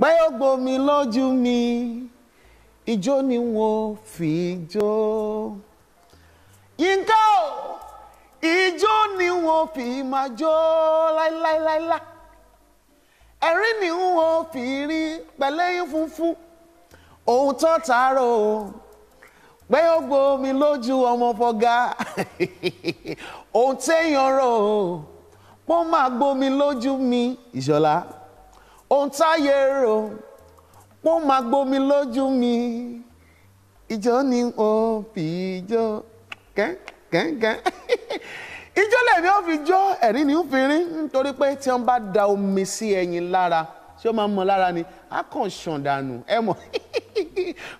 pé ó gbomi lójú mi ijó ni wo fi jó yínká o ijó ni wọ́n fi máa jó láíláíláílá ẹ̀rín ni wo fi rí pẹ̀lẹ́yìn funfun ohun tó tààrọ̀ o pé ó gbomi lójú ọmọ fọgá ohun téèyàn rò ó pọ́n máa gbomi lójú mi ìṣọ̀lá. ohun táyé rò wọ́n máa gbomi lójú mi ìjọ ni o ìjọ fi jó ẹ̀rín ni ó fi rín nítorí pé tí ba da omi sí ẹyin lára tí ó máa ń mọ lára ni á kàn ṣàn dànù ẹ mọ̀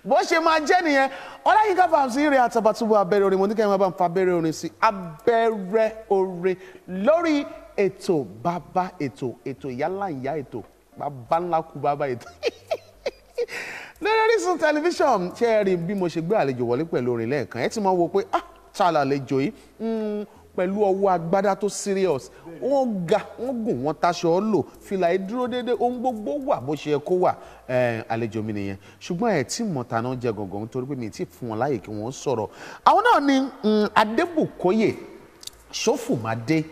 bó ṣe máa jẹ́ nìyẹn ọláyínká bàmsí rẹ̀ àtàbàtúbú orin mo máa bá ń fa abẹ́rẹ́ orin sí abẹ́rẹ́ orin lórí ètò bàbá ètò ètò ìyálà ìyá ètò bàbá ńlá kú bàbá ètò lórí Orísun tẹlifíṣọ̀n ṣe é rí bí mo ṣe gbé àlejò wọlé pẹ̀lú orin lẹ́ẹ̀kan ẹ ti mọ̀ wo pé ah ta làlejò yìí hmm, pẹ̀lú ọwọ́ agbádá tó serious wọ́n ga wọ́n gùn wọ́n taṣọ ọ́ lò fìlà ìdúró déédéé ohun gbogbo wà bó ṣe yẹ kó wà àlejò mi nìyẹn ṣùgbọ́n ẹ̀ tí mọ̀tà náà jẹ gàngàn nítorí pé mi ti fún wọn láàyè kí wọ́n sọ̀rọ̀ àwọn náà ni hmm, Adébùkóyè Ṣófùmádé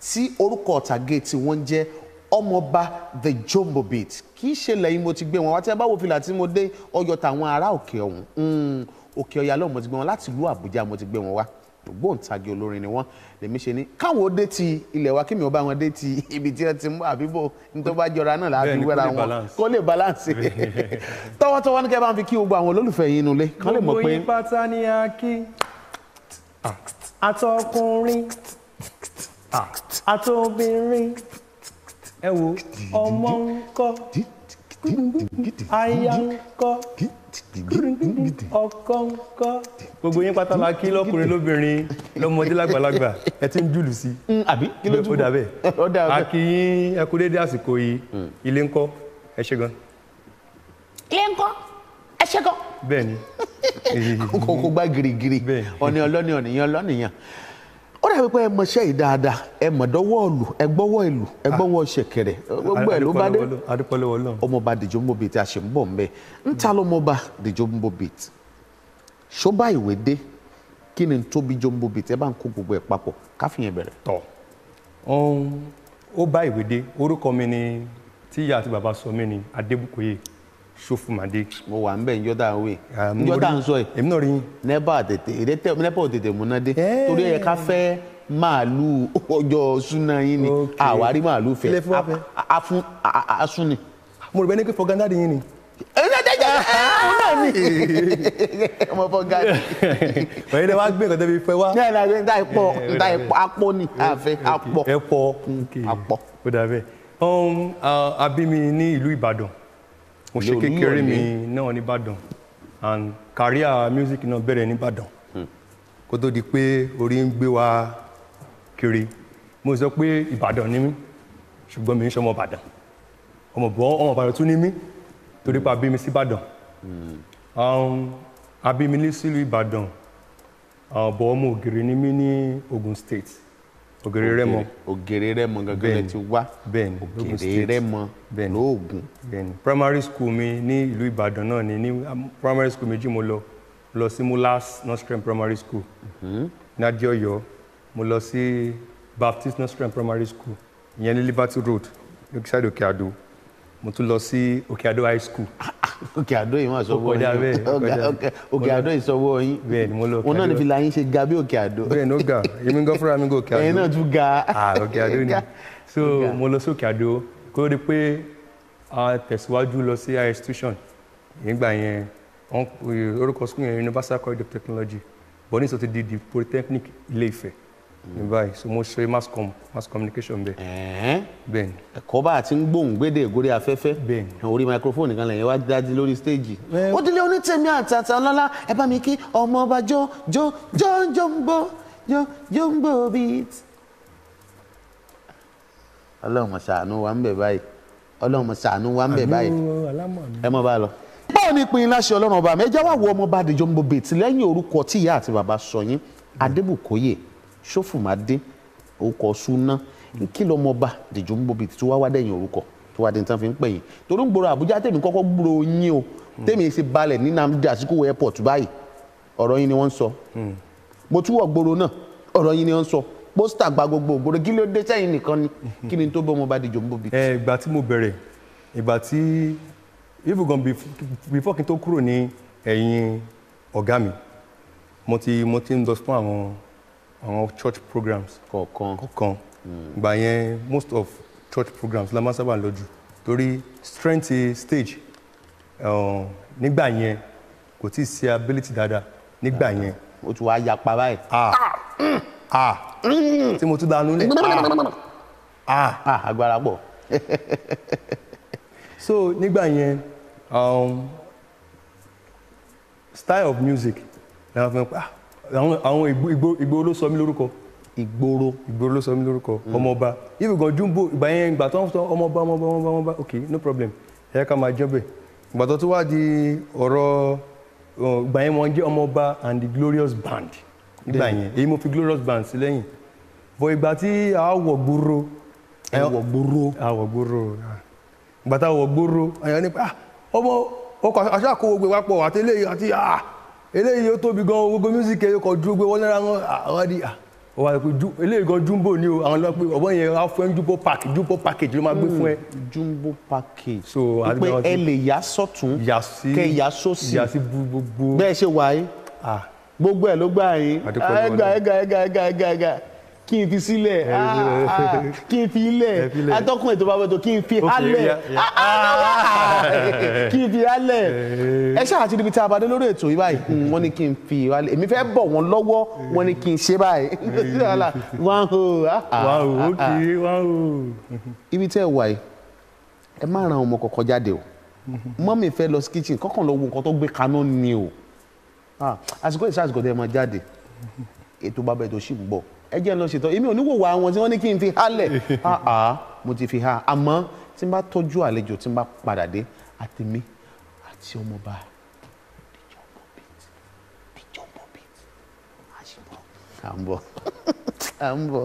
tí orúkọ ọ̀tàgé tí wọ́n jẹ́ ọmọọba the jumbo beat kì í ṣe lẹ́yìn mo ti gbé wọn wá tí ẹ bá wo fìlà tí mo dé ọyọ tàwọn ará òkè ọ̀hún hmm, òkè ọ̀yà lọ́wọ́ mo ti gbé wọn láti ìlú àbújá mo ti gbé wọn wá ògbóǹtagì olórin ni wọn lèmi ṣe ni káwọn ó dé ti ilẹ̀ wa kí mi ò bá wọn dé ti ibi tí ẹ ti mú àbíbò nítorí bá jọra náà láàbí wẹ́ra wọn kó lè balance tọwọ́tọwọ́ ní kẹ́ bá ń fi kí gbogbo àwọn olólùfẹ́ yín nulẹ̀ kán lè mọ̀ pé. gbogbo yín pátá ni a kí ah. àtọkùnrin ah. àtobìnrin ẹ wo ọmọ ń kọ́ aya ń kọ́ ọkọ ń kọ́ gbogbo yín pátá la kí lọ́kùnrin lóbìnrin lọ́mọdé lágbàlagbà ẹ ti ń jùlù sí i mm, àbí kí ló jùlù ó dàbẹ̀ a kí yín ẹ kú déédé àsìkò yìí mm. ilé ń kọ́ ẹ ṣe gan. ilé ń kọ́ ẹ ṣe gan. bẹ́ẹ̀ni. kókó gbá girigiri ọ̀nì ọlọ́ni ọ̀nìyàn ọlọ́nìyàn ó dàbí pé ẹ mọṣẹ́ yìí dáadáa ẹ mọ̀dọ́wọ́ ìlú ẹ gbọ́wọ́ ìlú ẹ ah. gbọ́wọ́ ṣẹ̀kẹ̀rẹ̀ gbogbo ẹ̀ ló bá dé ọmọọba Dèjò Mbobìtì a ṣe ń bọ̀ mbẹ́ ń ta lọ́mọọba Dèjò Mbobìtì ṣó bá ìwé dé kí ni tóbi Dèjò Mbobìtì ẹ bá ń kó gbogbo ẹ̀ papọ̀ káfíyàn bẹ̀rẹ̀. tọ ó bá ìwé dé orúkọ mi ni tíyà àti bàbá sọ mí ni Adébùkọ́yè sofumade. mo wà nbẹ njọ tá a wé njọ tá a sọ yìí èmi náà rí yín. nẹ́bà tètè èdè nẹ́bà ò tètè múná dé torí ẹ ká fẹ́ màálù ọjọ́ súná yín ni àwárí màálù fẹ́ asúnni. mo rò bẹ́ẹ̀ ní kí fọgá dáàdi yín ni. ọmọ fọgá ni. ọ̀yẹ́ dẹ́ wá gbé nǹkan tẹ́bi fẹ́ wá. ní ẹ̀la ẹ̀ta ẹ̀pọ̀ ẹ̀ta ẹ̀pọ̀ apọ̀ ni àfẹ́ apọ̀. ẹ̀pọ̀ apọ̀. ó dà bẹ́ẹ̀ abimi ní ìlú Ìbàdàn mo ṣe kékeré mi náà nìbàdàn and career music náà bẹ̀rẹ̀ nìbàdàn hmm. kó tó di pé orí ń gbé wa kiri mo sọ pé ìbàdàn ni mí ṣùgbọ́n mi ń ṣọmọ ìbàdàn ọmọ bọ́ ọmọ ìbàdàn tún ni mí torí pa bí mi sí ìbàdàn hmm. um, abí mi ní sílùú ìbàdàn bọ́ ọmọ ògiri ni mí ní Ogun State ògèrè rẹ́mọ ògèrè rẹ́mọ gangan lẹ ti wá bẹ́ẹ̀ni ògèrè rẹ́mọ lóògùn. bẹ́ẹ̀ni primary school mi ní ìlú ìbàdàn náà ni ní um, primary school méjì mo lọ lọ sí mulas nostrum primary school mhm. ní adéọyọ mo lọ sí baptist nostrum primary school ìyẹn ní liberty road ní side òkè àdó mo tún lọ sí òkè àdó high school. Ah, Òkè Àdó yìí wọn sọ wọ yín Òkè Àdó yìí sọ wọ yín bẹ́ẹ̀ni mo lọ Òkè Àdó òun náà ní fìlà yín ṣe ga bí Òkè Àdó bẹ́ẹ̀ni ó ga èmi gan fúnra mi gan Òkè Àdó ẹ̀yin náà tún ga ah, Òkè Àdó ni so mo lọ sí Òkè Àdó kó o rí pé a tẹ̀síwájú lọ sí higher institution nígbà yẹn orúkọ school yẹn Universal College of Technology but ní sọ ti di di Polytechnic Ilé Ifẹ̀ ní báyìí so mo ṣe mass com mass communication bẹ́ẹ̀ bẹ́ẹ̀ni bá a ti ń gbòǹgbédè ìgórí afẹ́fẹ́ bẹ́ẹ̀ni orí microphone nìkan lẹ́yìn wá dájú lórí stage ó délé onítẹ̀mí àtàtà ọlọ́lá ẹ bá mi kí ọmọ ọba jó jó jó jó ń bó jó jó ń bó beat. ọlọ́run ṣàánú wa ń bẹ̀ báyìí ọlọ́run ṣàánú wa ń bẹ̀ báyìí ẹ mọ̀ bá lọ báwo ni pin láṣẹ ọlọ́run ọba mi ẹ jáwá wo ọmọ ọba àdìjọ́mbò bèètì lẹ́yìn orúkọ tí ìyá àti bàbá sọ yín adébùkọ́yè ṣófùmádé orúkọ súná kí lọ́mọ ọba dèjò ń bobi tí wá wá dẹ̀yìn orúkọ tó wá dẹ̀yìn tán fi ń pè yín torí ń gbòòrò àbújá tèmi kọ́kọ́ gbòòrò yín o tèmi ṣe balẹ̀ ní Nnamdi Azikiwe airport báyìí ọ̀rọ̀ yín ni wọ́n ń sọ hmm. mo tún wọ̀ gbòòrò náà ọ̀rọ̀ yín ni wọ́n ń sọ pósítà gba gbogbo ògbòòrò kí ló dé sẹ́yìn nìkan ni kí ni tó bọ́ ọmọ ọba dèjò ń bobi. ìgbà tí mo bẹ̀rẹ̀ ìgbà tí even gan before kí n tó kúrò ní ẹ̀yìn ọ̀gá mi mo ti mo ti ń lọ fún àwọn àwọn church programs kọ̀ọ̀kan kọ̀ọ̀kan ìgbà yẹn most of church programs la máa sábà lọ jù torí strength stage eh, nígbà yẹn kò tí ì sí ability dáadáa nígbà yẹn. o tún wá yapa báyìí. ah ah, ah. tí mo tún dànù lẹ ah. ah ah agbára pọ̀. so nígbà yẹn um, style of music làwọn fẹ́ pa àwọn ìgboro ló sọ mí lórúkọ ìgboro ìgboro ló sọ mí lórúkọ hmm. ọmọọba ibi gan jumbo ìgbà yẹn ìgbà tó ń sọ ọmọọba ọmọọba ọmọọba ọmọọba ok no problem ẹ̀yà ká máa jẹ́bẹ̀ ìgbà tó tún wá di ọ̀rọ̀ ìgbà yẹn wọ́n jẹ́ ọmọọba and the glorious band ìgbà yẹn èyí mo fi glorious band sí lẹ́yìn bọ̀ ìgbà tí àwọ̀ gbòòrò àwọ̀ gbòòrò àwọ̀ gbòòrò ìgbà tá àwọ̀ gbòòrò àyàn nípa ah, ọmọ ọkọ̀ aṣáàkó gbogbo ìwápọ̀ àti eléyìí àti ah, eléyìí ó tóbi gan gbogbo music ẹ̀yọkọ̀ dúró gbé wọlé ra wọn àwọn àdìyà ah, ó wá pé eléyìí gan jumbo ni o àwọn lọ pé ọ̀bọ yẹn á fún jumbo pack jumbo package ló máa gbé fún ẹ. Hmm, jumbo package so pé ẹ lè yà sọ́tún kẹ yà sósì yà sí gbogbo bẹ́ẹ̀ ṣe wáyé ah. gbogbo ẹ̀ ló gbà yín ẹ̀gà ẹ̀gà ẹ̀gà ẹ̀gà ẹ̀gà kí n fi sílẹ̀ ah, ah, kí n fi ilẹ̀ atọ́kùn ètò bá wẹ́tò kí n fi halẹ̀ ah, kí n fi halẹ̀ eh. ẹ ṣáà ti ríbi tá a bá dé lórí ètò yìí báyìí mm, wọ́n ní kí n fi halẹ̀ èmi fẹ́ bọ̀ wọ́n lọ́wọ́ wọ́n ní kí n ṣe báyìí wọ́n hù wọ́n hù ókè wọ́n hù. ibi tẹ́ ẹ wà yìí ẹ má ran ọmọ kọ̀ọ̀kan jáde o mọ́mì fẹ́ lọ sí kitchen kọ́kàn lọ wo nǹkan tó gbé kaná ni o àsìkò ìṣàsìkò tẹ́ ẹ máa jáde ètò bàbá ètò ṣì ń bọ̀ ẹ jẹ́ lọ ṣètọ́ èmi ò ní wò wá wọn tí wọ́n ní kí n fi hálẹ̀ àá ah, ah, mo ti fi ha àmọ́ tí n bá tọ́jú àlejò tí n bá padà dé àtèmi àti ọmọọba à ń bọ̀ à ń bọ̀.